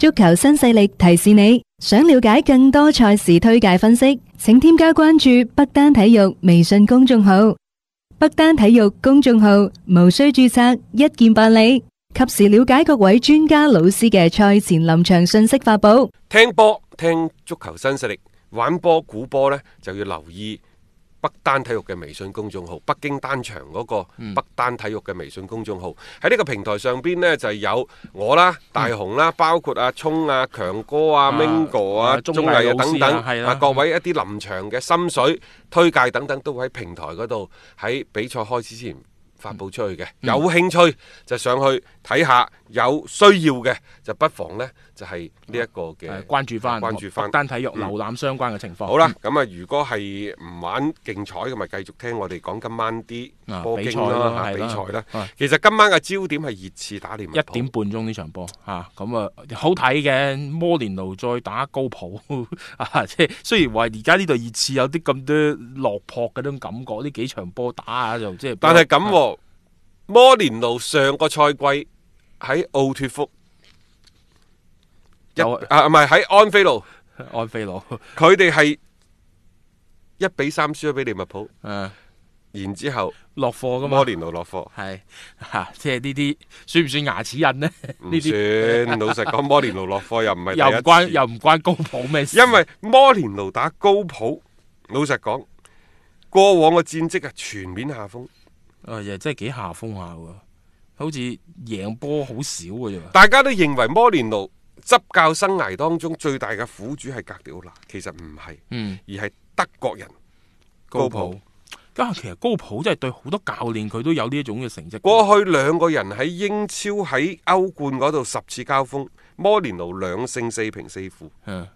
足球新勢力提示你，想了解更多賽事推介分析，請添加關注北單體育微信公眾號。北單體育公眾號無需注冊，一鍵辦理，及時了解各位專家老師嘅賽前臨場信息發布。聽波聽足球新勢力，玩波估波呢就要留意。北單體育嘅微信公眾號，北京單場嗰個北單體育嘅微信公眾號，喺呢、嗯、個平台上邊呢，就有我啦、大雄啦，嗯、包括阿、啊、聰啊、強哥啊、Mingo 啊、中藝啊綜藝啊，啊等等的啊，各位一啲臨場嘅心水的、嗯、推介等等都會喺平台嗰度，喺比賽開始之前。發布出去嘅，有興趣就上去睇下，有需要嘅就不妨呢，就係呢一個嘅關注翻，關注翻單體育、嗯、瀏覽相關嘅情況。好啦，咁啊、嗯，如果係唔玩競彩咁咪繼續聽我哋講今晚啲波經啦、啊，比賽啦。其實今晚嘅焦點係熱刺打利物浦，一點半鐘呢場波啊，咁啊好睇嘅。摩連奴再打高普啊，即係雖然話而家呢度熱刺有啲咁多落魄嘅種感覺，呢幾場波打下就即係，但係咁、啊啊啊啊啊摩連奴上個賽季喺奧脫福，又有啊唔係，喺安菲路。安菲路佢哋係一比三輸咗俾利物浦，嗯，然之後落課噶嘛。摩連奴落課係吓，即係呢啲算唔算牙齒印呢？呢啲算。老實講，摩連奴落課又唔係 又唔關又唔關高普咩事，因為摩連奴打高普，老實講過往嘅戰績啊全面下風。誒，真係、呃、幾下風下嘅，好似贏波好少嘅咋？大家都認為摩連奴執教生涯當中最大嘅苦主係哥迪奧拿啦，其實唔係，嗯，而係德國人高普。加上其實高普真係對好多教練佢都有呢一種嘅成績。過去兩個人喺英超喺歐冠嗰度十次交鋒，摩連奴兩勝四平四負。嗯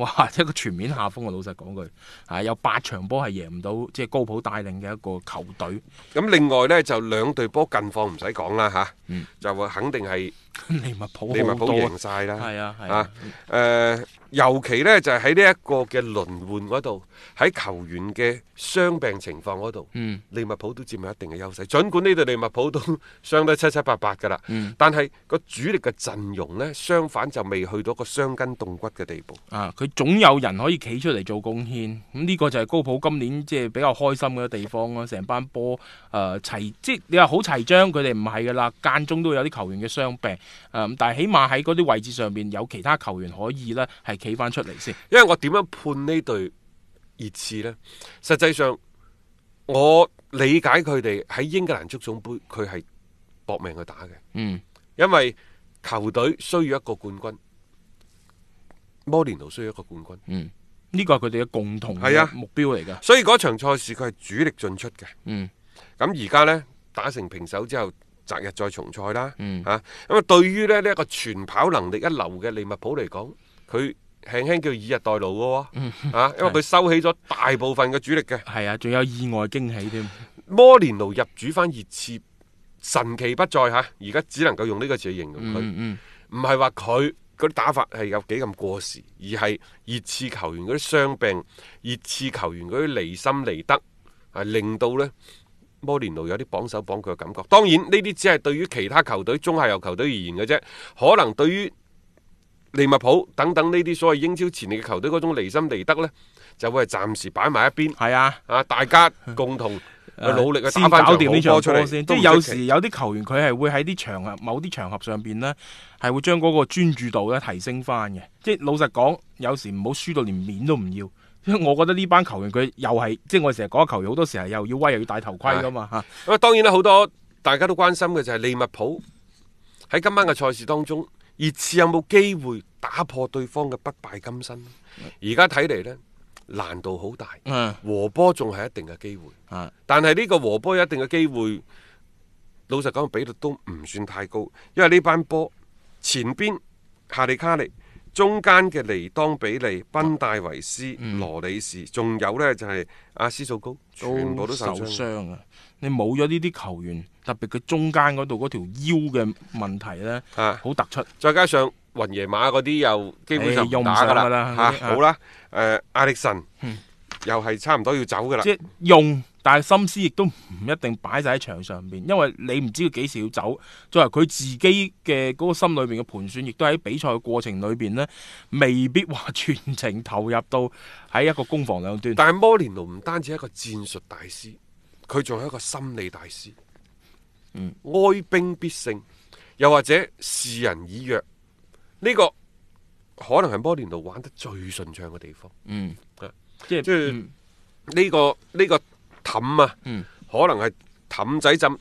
哇！一個全面下風啊，老實講句，嚇、啊、有八場波係贏唔到，即、就、係、是、高普帶領嘅一個球隊。咁、嗯、另外呢，就兩隊波近況唔使講啦嚇。啊嗯、就會肯定係利物浦贏晒啦，係啊，啊誒，啊嗯、尤其咧就係喺呢一個嘅輪換嗰度，喺球員嘅傷病情況嗰度，嗯、利物浦都佔有一定嘅優勢。儘管呢度利物浦都傷得七七八八噶啦，嗯、但係個主力嘅陣容呢，相反就未去到個傷筋動骨嘅地步。啊，佢總有人可以企出嚟做貢獻。咁、嗯、呢、呢個就係高普今年即係比較開心嘅地方咯。成班波誒齊，即，即你話好齊張，佢哋唔係噶啦，間中都有啲球員嘅傷病，誒、嗯，但係起碼喺嗰啲位置上面，有其他球員可以咧係企翻出嚟先。因為我點樣判呢隊熱刺呢？實際上我理解佢哋喺英格蘭足總盃佢係搏命去打嘅。嗯，因為球隊需要一個冠軍，摩連奴需要一個冠軍。嗯，呢個係佢哋嘅共同係啊目標嚟㗎、啊。所以嗰場賽事佢係主力進出嘅。嗯，咁而家呢，打成平手之後。擇日再重賽啦，嚇、嗯！咁啊，對於咧呢一、這個全跑能力一流嘅利物浦嚟講，佢輕輕叫以日代勞嘅喎、啊嗯啊，因為佢收起咗大部分嘅主力嘅，係啊，仲有意外驚喜添。摩連奴入主返熱刺，神奇不在不再嚇，而、啊、家只能夠用呢個字形容佢，唔係話佢嗰啲打法係有幾咁過時，而係熱刺球員嗰啲傷病、熱刺球員嗰啲離心離德，係、啊、令到呢。摩連奴有啲綁手綁腳嘅感覺，當然呢啲只係對於其他球隊、中下游球隊而言嘅啫，可能對於利物浦等等呢啲所謂英超前列嘅球隊嗰種離心離德呢，就會係暫時擺埋一邊。係啊，啊大家共同努力去打翻咗呢波出嚟。先先即係有時有啲球員佢係會喺啲場合、某啲場合上邊呢，係會將嗰個專注度咧提升翻嘅。即係老實講，有時唔好輸到連面都唔要。因為我覺得呢班球員佢又係，即係我成日講，球員好多時候又要威又要戴頭盔噶嘛吓。咁、哎、啊，當然啦，好多大家都關心嘅就係利物浦喺今晚嘅賽事當中，熱刺有冇機會打破對方嘅不敗金身？而家睇嚟呢，難度好大。是和波仲係一定嘅機會，是但係呢個和波有一定嘅機會，老實講，比率都唔算太高，因為呢班波前邊夏利卡利。中間嘅尼當比利、賓戴維斯、羅、嗯、里士，仲有呢、就是，就係阿斯素高，全部都受傷啊！你冇咗呢啲球員，特別佢中間嗰度嗰條腰嘅問題呢，好、啊、突出。再加上雲爺馬嗰啲又基本上、欸、用唔上啦，啦、啊，好啦，誒、呃，阿歷神又係差唔多要走噶啦。即用。但係心思亦都唔一定擺晒喺場上邊，因為你唔知佢幾時要走。作為佢自己嘅嗰個心裏邊嘅盤算，亦都喺比賽嘅過程裏邊咧，未必話全程投入到喺一個攻防兩端。但係摩連奴唔單止係一個戰術大師，佢仲係一個心理大師。嗯，哀兵必勝，又或者示人以弱，呢個可能係摩連奴玩得最順暢嘅地方。嗯，即係即係呢個呢個。呢個呢個冧啊！嗯、可能係冧仔浸呢、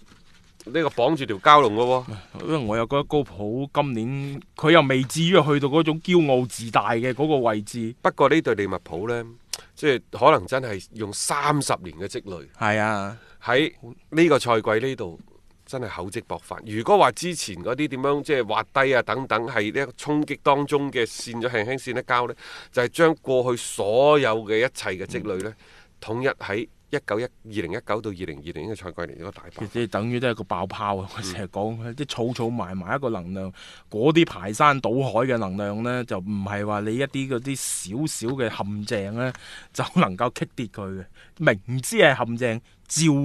呢個綁住條蛟龍噶喎。我又覺得高普今年佢又未至於去到嗰種驕傲自大嘅嗰個位置。 不過呢對利物浦呢，即係可能真係用三十年嘅積累。係啊，喺呢個賽季呢度真係厚積薄發。如果話之前嗰啲點樣即係挖低啊等等係呢個衝擊當中嘅線咗輕輕線一交呢，就係、是、將過去所有嘅一切嘅積累呢，嗯、統一喺。一九一二零一九到二零二零嘅賽季嚟一個大波，即係等於都係一個爆泡啊！我成日講即係草草埋埋一個能量，嗰啲排山倒海嘅能量咧，就唔係話你一啲嗰啲少少嘅陷阱咧，就能夠擊跌佢嘅。明知係陷阱，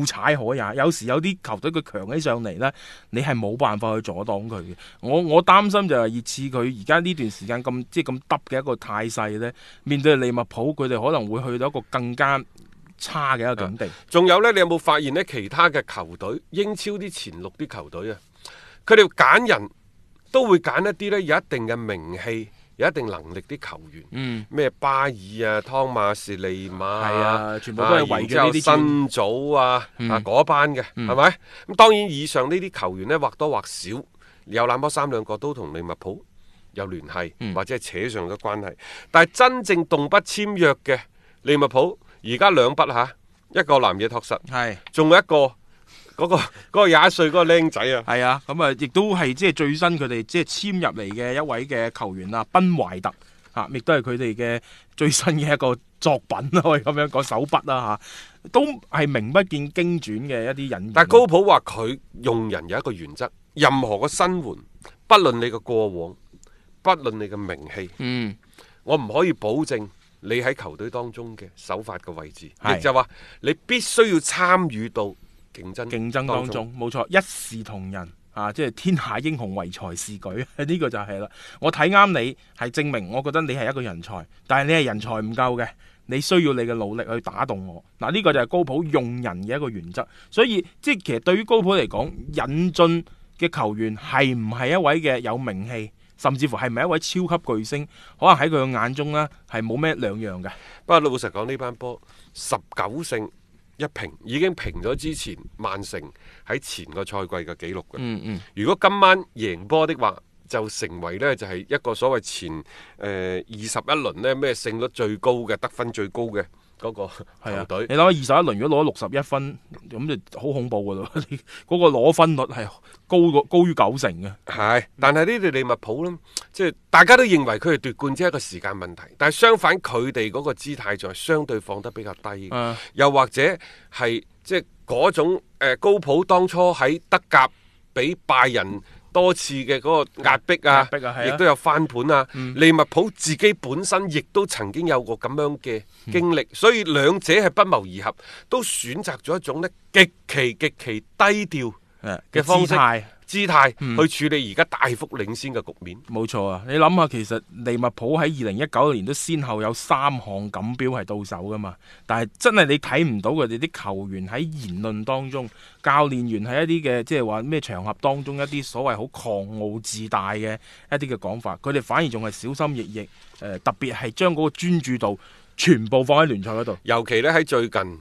照踩可也。有時有啲球隊佢強起上嚟咧，你係冇辦法去阻擋佢嘅。我我擔心就係熱刺佢而家呢段時間咁即係咁耷嘅一個態勢咧，面對利物浦佢哋可能會去到一個更加。差嘅一個境地。仲有呢？你有冇發現呢？其他嘅球隊，英超啲前六啲球隊啊，佢哋揀人都會揀一啲呢，有一定嘅名氣、有一定能力啲球員。嗯。咩巴爾啊、湯馬士利馬啊，全部都係為咗新組啊啊嗰班嘅，係咪？咁當然以上呢啲球員呢，或多或少有那麼三兩個都同利物浦有聯繫，或者係扯上咗關係。但係真正動筆簽約嘅利物浦。而家兩筆嚇，一個男嘅確實係，仲有一個嗰個廿歲嗰個僆仔啊，係啊，咁啊亦都係即係最新佢哋即係簽入嚟嘅一位嘅球員啊，賓懷特嚇，亦都係佢哋嘅最新嘅一個作品咯，可以咁樣講手筆啦嚇，都係名不見經傳嘅一啲引言。但係高普話佢用人有一個原則，任何個新援，不論你嘅過往，不論你嘅名氣，嗯，我唔可以保證。你喺球隊當中嘅首發嘅位置，亦就話你必須要參與到競爭競爭當中，冇錯，一視同仁啊！即係天下英雄唯才是舉，呢個就係啦。我睇啱你係證明，我覺得你係一個人才，但係你係人才唔夠嘅，你需要你嘅努力去打動我。嗱，呢個就係高普用人嘅一個原則。所以即係其實對於高普嚟講，引進嘅球員係唔係一位嘅有名氣？甚至乎係咪一位超級巨星，可能喺佢嘅眼中呢，係冇咩兩樣嘅。不過老實講，呢班波十九勝一平，已經平咗之前曼城喺前個賽季嘅記錄嘅。嗯嗯。如果今晚贏波的話，就成為呢就係、是、一個所謂前誒二十一輪呢咩勝率最高嘅得分最高嘅。嗰個係啊，隊，啊你諗二十一輪如果攞六十一分，咁就好恐怖噶咯。嗰 個攞分率係高過高於九成嘅。係，但係呢啲利物浦咧，即係大家都認為佢哋奪冠只係一個時間問題，但係相反佢哋嗰個姿態就係相對放得比較低。是啊，又或者係即係嗰種高普當初喺德甲俾拜仁多次嘅嗰個壓迫啊，亦、啊啊、都有翻盤啊。嗯、利物浦自己本身亦都曾經有過咁樣嘅經歷，嗯、所以兩者係不謀而合，都選擇咗一種咧極其極其低調嘅姿態。姿態去處理而家大幅領先嘅局面，冇錯、嗯、啊！你諗下，其實利物浦喺二零一九年都先後有三項錦標係到手噶嘛，但係真係你睇唔到佢哋啲球員喺言論當中，教練員喺一啲嘅即係話咩場合當中一啲所謂好狂傲自大嘅一啲嘅講法，佢哋反而仲係小心翼翼。誒、呃，特別係將嗰個專注度全部放喺聯賽嗰度，尤其咧喺最近。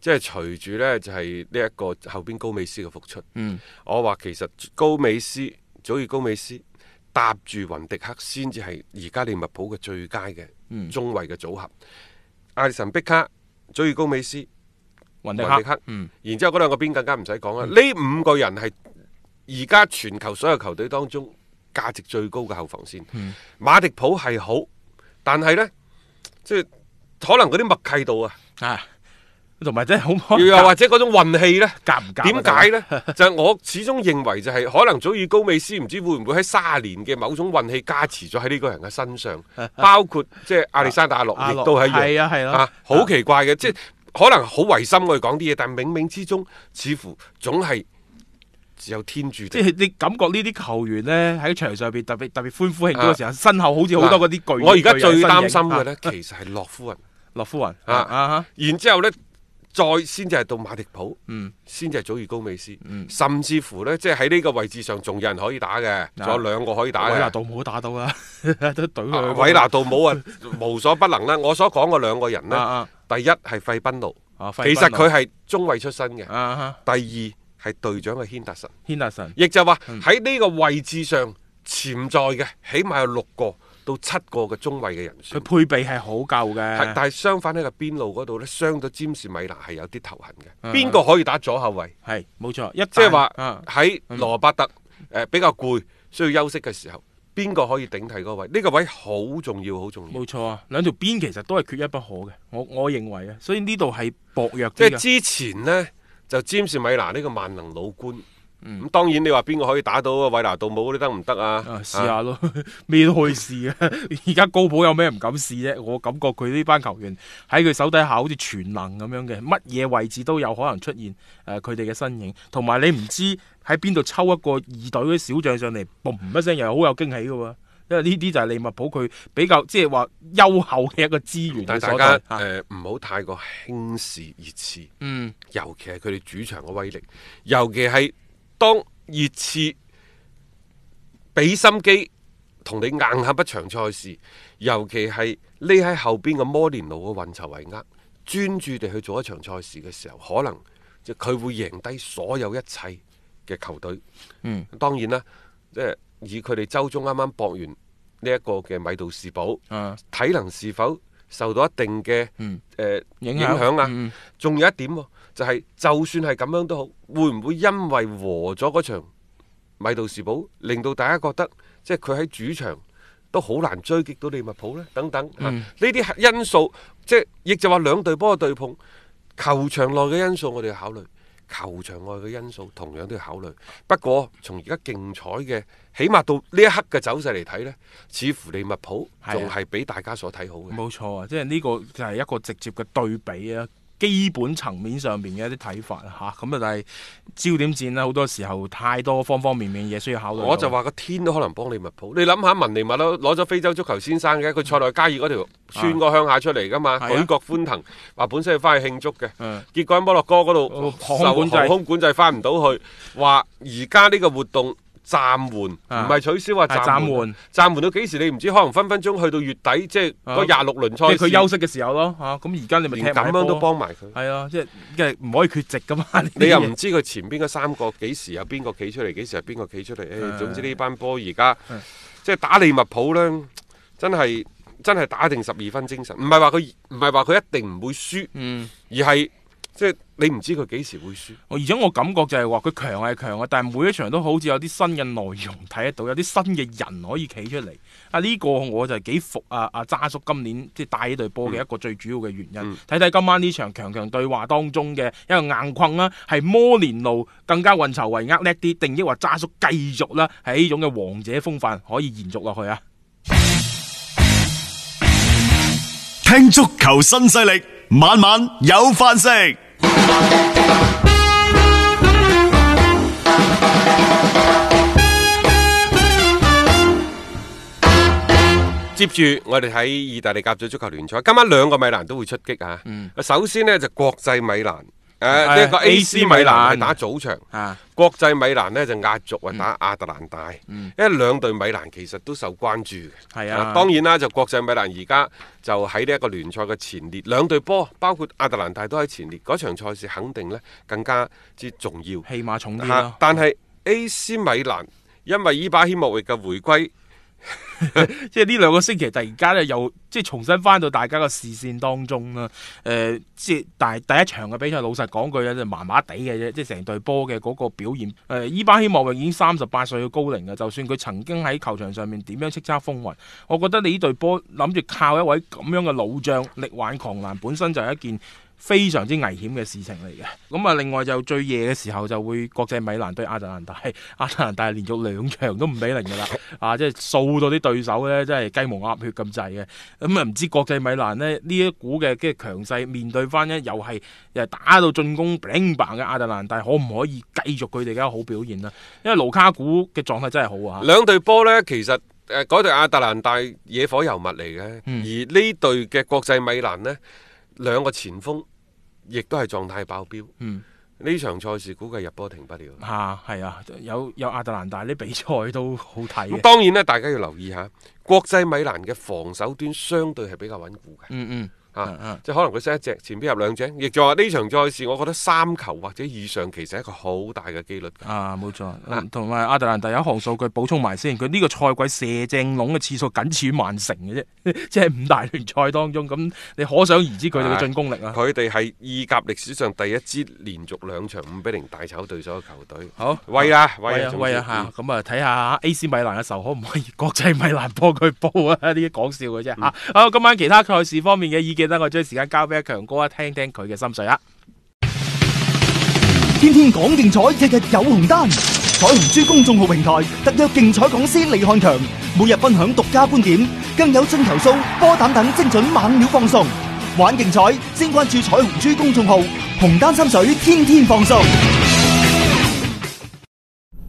即係隨住呢，就係呢一個後邊高美斯嘅復出。嗯，我話其實高美斯，祖爾高美斯搭住雲迪克，先至係而家利物浦嘅最佳嘅中衛嘅組合。亞歷、嗯、神碧卡，祖爾高美斯、雲迪克，迪克嗯、然之後嗰兩個邊更加唔使講啦。呢、嗯、五個人係而家全球所有球隊當中價值最高嘅後防線。嗯，馬迪普係好，但係呢，即係可能嗰啲默契度啊，啊。啊同埋真係好又或者嗰種運氣咧夾唔夾？點解咧？就係我始終認為就係可能早以高美斯唔知會唔會喺卅年嘅某種運氣加持咗喺呢個人嘅身上，包括即係亞歷山大阿諾，亦都係一樣啊，好奇怪嘅，即係可能好違心我哋講啲嘢，但係冥冥之中似乎總係只有天注定。即係你感覺呢啲球員咧喺場上邊特別特別歡呼慶祝嘅時候，身後好似好多嗰啲巨。我而家最擔心嘅咧，其實係洛夫雲，洛夫雲啊！然之後咧。再先至係到馬迪普，嗯，先至係祖爾高美斯，嗯，甚至乎咧，即係喺呢個位置上仲有人可以打嘅，仲有兩個可以打嘅。韋拿杜姆打到啦，都懟佢。韋拿杜姆啊，無所不能啦！我所講嘅兩個人咧，第一係費賓奴，其實佢係中衛出身嘅。第二係隊長嘅軒達臣，軒達臣，亦就話喺呢個位置上潛在嘅，起碼有六個。到七個嘅中位嘅人選，佢配備係好夠嘅。但係相反呢個邊路嗰度咧，傷咗詹士米拿係有啲頭痕嘅。邊個、啊、可以打左後衞？係冇錯，即係話喺羅伯特誒、嗯、比較攰需要休息嘅時候，邊個可以頂替嗰位？呢、呢個位好重要，好重要。冇錯啊，兩條邊其實都係缺一不可嘅。我我認為啊，所以呢度係薄弱啲嘅。即係之前呢，就詹士米拿呢個萬能老官。咁、嗯、當然你話邊個可以打到你行行啊？維納杜姆嗰啲得唔得啊？試啊，試下咯，咩都可以試啊。而家高普有咩唔敢試啫？我感覺佢呢班球員喺佢手底下好似全能咁樣嘅，乜嘢位置都有可能出現誒佢哋嘅身影。同埋你唔知喺邊度抽一個二隊嘅小將上嚟，嘣一聲又好有驚喜嘅喎、啊。因為呢啲就係利物浦佢比較即係話優厚嘅一個資源。但大家誒唔好太過輕視熱刺。嗯，尤其係佢哋主場嘅威力，尤其係。當熱刺俾心機同你硬撼一場賽事，尤其係匿喺後邊嘅摩連奴嘅運籌帷幄，專注地去做一場賽事嘅時候，可能即係佢會贏低所有一切嘅球隊。嗯，當然啦，即係以佢哋周中啱啱博完呢一個嘅米杜士堡，嗯、啊，體能是否受到一定嘅誒、嗯呃、影響啊？仲、嗯嗯、有一點、啊。就係、是、就算係咁樣都好，會唔會因為和咗嗰場米道士堡，令到大家覺得即係佢喺主場都好難追擊到利物浦呢？等等，呢啲、嗯啊、因素即係亦就話兩隊波嘅對碰，球場內嘅因素我哋要考慮，球場外嘅因素同樣都要考慮。不過從而家競彩嘅起碼到呢一刻嘅走勢嚟睇呢，似乎利物浦仲係畀大家所睇好嘅。冇錯啊，錯即係呢個就係一個直接嘅對比啊。基本層面上面嘅一啲睇法嚇，咁啊，但係焦點戰啦，好多時候太多方方面面嘢需要考慮。我就話個天都可能幫你利物浦，你諗下文尼麥都攞咗非洲足球先生嘅，佢塞內加爾嗰條村個鄉下出嚟㗎嘛，舉、啊、國歡騰，話、啊、本身係翻去慶祝嘅，啊、結果喺摩洛哥嗰度、嗯、受航空管制翻唔到去，話而家呢個活動。暫緩，唔係取消，話暫緩，暫緩，暫緩，暫緩到幾時你唔知，可能分分鐘去到月底，即係嗰廿六輪賽。佢休息嘅時候咯，咁而家你咪連咁樣都幫埋佢。係啊，即係唔可以缺席㗎嘛。你又唔知佢前邊嗰三個幾時有邊個企出嚟，幾時有邊個企出嚟。誒，總之呢班波而家即係打利物浦咧，真係真係打定十二分精神。唔係話佢唔係話佢一定唔會輸，嗯。而係。即係你唔知佢幾時會輸，而且我感覺就係話佢強係強啊，但係每一場都好似有啲新嘅內容睇得到，有啲新嘅人可以企出嚟。啊，呢、呢個我就係幾服啊！阿、啊、渣叔今年即係帶呢隊波嘅一個最主要嘅原因。睇睇、嗯嗯、今晚呢場強強對話當中嘅一個硬困啦，係摩連奴更加運籌帷幄叻啲，定抑或渣叔繼續啦喺呢種嘅王者風範可以延續落去啊？聽足球新勢力，晚晚有飯食。接住我哋喺意大利甲組足球聯賽，今晚兩個米蘭都會出擊啊。嗯、首先咧就是、國際米蘭。誒，呢一、呃啊、個 A.C. 米蘭係打早場，啊、國際米蘭呢就壓軸啊打亞特蘭大，嗯、因為兩隊米蘭其實都受關注。係、嗯啊、當然啦，就國際米蘭而家就喺呢一個聯賽嘅前列，兩隊波包括亞特蘭大都喺前列，嗰場賽事肯定呢更加之重要，戲碼重、啊、但係 A.C. 米蘭因為伊巴希莫域嘅回歸。即係呢兩個星期，突然間咧又即係重新翻到大家嘅視線當中啦。誒、呃，即係第第一場嘅比賽，老實講句咧，麻麻地嘅啫。即係成隊波嘅嗰個表現，誒、呃，依巴希莫榮已經三十八歲嘅高齡啦。就算佢曾經喺球場上面點樣叱咤風雲，我覺得你呢隊波諗住靠一位咁樣嘅老將力挽狂瀾，本身就係一件。非常之危險嘅事情嚟嘅，咁啊，另外就最夜嘅時候就會國際米蘭對亞特蘭大，亞特蘭大連續兩場都唔畀零噶啦， 啊，即係掃到啲對手咧，真係雞毛鴨血咁滯嘅，咁啊，唔知國際米蘭呢，呢一股嘅即係強勢面對翻呢，又係又係打到進攻 bling bling 嘅亞特蘭大，可唔可以繼續佢哋嘅好表現啦？因為盧卡古嘅狀態真係好啊！兩隊波呢，其實誒嗰隊亞特蘭大野火油物嚟嘅，嗯、而呢隊嘅國際米蘭呢。兩個前鋒亦都係狀態爆表，嗯，呢場賽事估計入波停不了，吓係啊，啊，有有亞特蘭大啲比賽都好睇，咁、嗯、當然咧，大家要留意下國際米蘭嘅防守端相對係比較穩固嘅、嗯，嗯嗯。即係、啊啊、可能佢失一隻，前邊入兩隻，亦再呢場賽事，我覺得三球或者以上其實係一個好大嘅機率啊。啊，冇錯，同埋阿特蘭大有一項數據補充埋先，佢呢個賽季射正籠嘅次數僅次於曼城嘅啫，即係五大聯賽當中，咁你可想而知佢哋嘅進攻力啊。佢哋係意甲歷史上第一支連續兩場五比零大炒對手嘅球隊。好，喂啊，喂啊，喂啊嚇！咁啊睇下、啊啊啊啊、AC 米蘭嘅時候可唔可以國際米蘭幫佢報啊？呢啲講笑嘅啫嚇。啊嗯、好，今晚其他賽事方面嘅意見。得我將時間交俾阿強哥，聽聽佢嘅心水啦！天天講競彩，日日有紅單。彩虹珠公眾號平台特約競彩講師李漢強，每日分享獨家觀點，更有進球數、波膽等精準猛料放送。玩競彩，先關注彩虹珠公眾號，紅單心水，天天放送。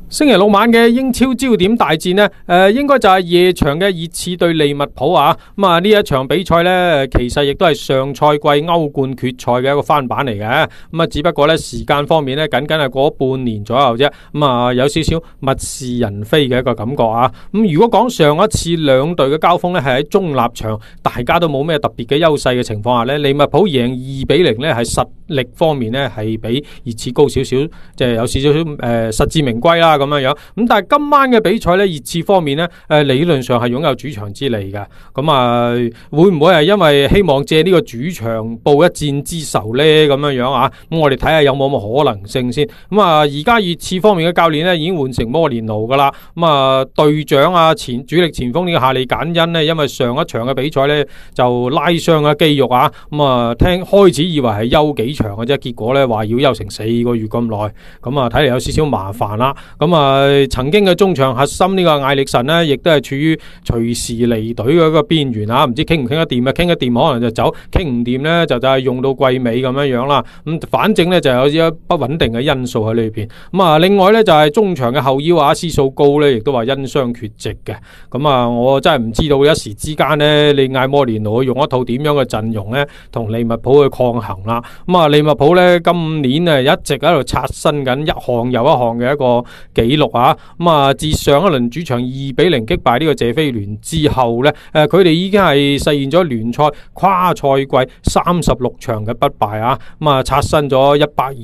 星期六晚嘅英超焦點大戰呢，誒、呃，應該就係夜場嘅熱刺對利物浦啊。咁啊，呢一場比賽呢，其實亦都係上賽季歐冠決賽嘅一個翻版嚟嘅。咁啊，只不過呢，時間方面呢，僅僅係過咗半年左右啫。咁啊，有少少物是人非嘅一個感覺啊。咁如果講上一次兩隊嘅交鋒呢，係喺中立場，大家都冇咩特別嘅優勢嘅情況下呢，利物浦贏二比零呢，係實力方面呢，係比熱刺高少少，即係有少少誒實至名歸啦。咁樣樣，咁但係今晚嘅比賽咧，熱刺方面咧，誒、呃、理論上係擁有主場之利嘅，咁啊，會唔會係因為希望借呢個主場報一戰之仇咧？咁樣樣啊，咁我哋睇下有冇咁嘅可能性先。咁啊，而家熱刺方面嘅教練呢，已經換成摩連奴噶啦，咁啊隊長啊，前主力前鋒呢，夏利簡恩呢，因為上一場嘅比賽咧就拉傷咗肌肉啊，咁啊聽開始以為係休幾場嘅啫，結果咧話要休成四個月咁耐，咁啊睇嚟，有少少麻煩啦。咁啊，曾經嘅中場核心呢個艾力神呢，亦都係處於隨時離隊嘅一個邊緣啊！唔知傾唔傾得掂啊？傾得掂可能就走，傾唔掂呢，就就係用到季尾咁樣樣啦。咁反正呢，就有啲不穩定嘅因素喺裏邊。咁啊，另外呢，就係中場嘅後腰阿斯素高呢，亦都話因傷缺席嘅。咁啊，我真係唔知道一時之間呢，你艾摩連奴會用一套點樣嘅陣容呢，同利物浦去抗衡啦。咁啊，利物浦呢，今年呢，一直喺度刷新緊一項又一項嘅一個記錄啊！咁、嗯、啊，自上一輪主場二比零擊敗呢個謝菲聯之後咧，誒佢哋已經係實現咗聯賽跨賽季三十六場嘅不敗啊！咁、嗯、啊，刷新咗一百二十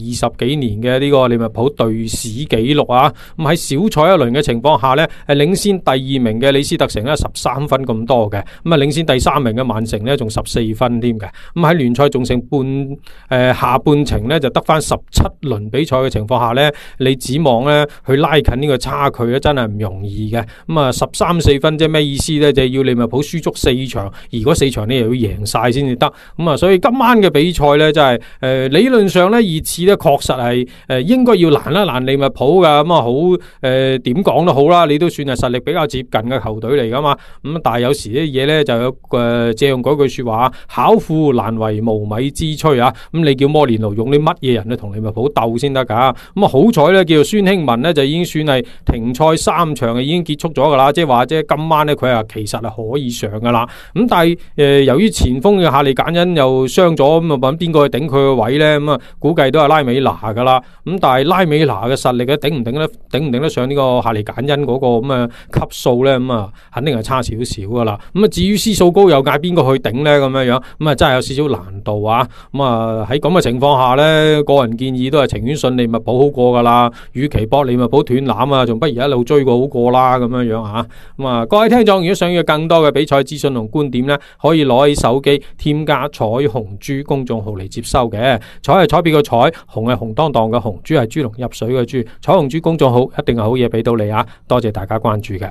幾年嘅呢個利物浦隊史紀錄啊！咁、嗯、喺少賽一輪嘅情況下咧，誒、啊、領先第二名嘅李斯特城咧十三分咁多嘅，咁、嗯、啊領先第三名嘅曼城呢咧仲十四分添嘅。咁喺聯賽仲剩半誒、呃、下半程咧就得翻十七輪比賽嘅情況下咧，你指望咧去？拉近呢個差距咧，真係唔容易嘅。咁啊，十三四分即係咩意思咧？就係、是、要利物浦輸足四場，而嗰四場咧又要贏晒先至得。咁啊，所以今晚嘅比賽咧、就是，就係誒理論上咧，熱刺咧確實係誒應該要難啦。難利物浦噶。咁、呃、啊，好誒點講都好啦，你都算係實力比較接近嘅球隊嚟噶嘛。咁但係有時啲嘢咧就有誒借用嗰句說話，巧婦難為無米之炊啊。咁你叫摩連奴用啲乜嘢人去同利物浦鬥先得噶？咁啊好彩咧，叫孫興文咧就。已經算係停賽三場嘅，已經結束咗噶啦。即係話，即係今晚咧，佢啊其實係可以上噶啦。咁、嗯、但係誒、呃，由於前鋒嘅夏利簡恩又傷咗，咁啊問邊個去頂佢個位咧？咁、嗯、啊，估計都係拉美娜噶啦。咁、嗯、但係拉美娜嘅實力咧，頂唔頂咧？頂唔頂得上呢個夏利簡恩嗰個咁嘅級數咧？咁、嗯、啊，肯定係差少少噶啦。咁、嗯、啊，至於斯數高又嗌邊個去頂咧？咁樣樣咁啊，真係有少少難度啊。咁、嗯、啊，喺咁嘅情況下咧，個人建議都係情願順利物浦好過噶啦。與其搏利物浦，斷纜啊，仲不如一路追過好過啦，咁樣樣、啊、吓。咁、嗯、啊，各位聽眾，如果想要更多嘅比賽資訊同觀點咧，可以攞起手機添加彩虹豬公眾號嚟接收嘅。彩係彩邊個彩，虹係紅當當嘅紅，豬係豬籠入水嘅豬。彩虹豬公眾號一定係好嘢俾到你啊！多謝大家關注嘅。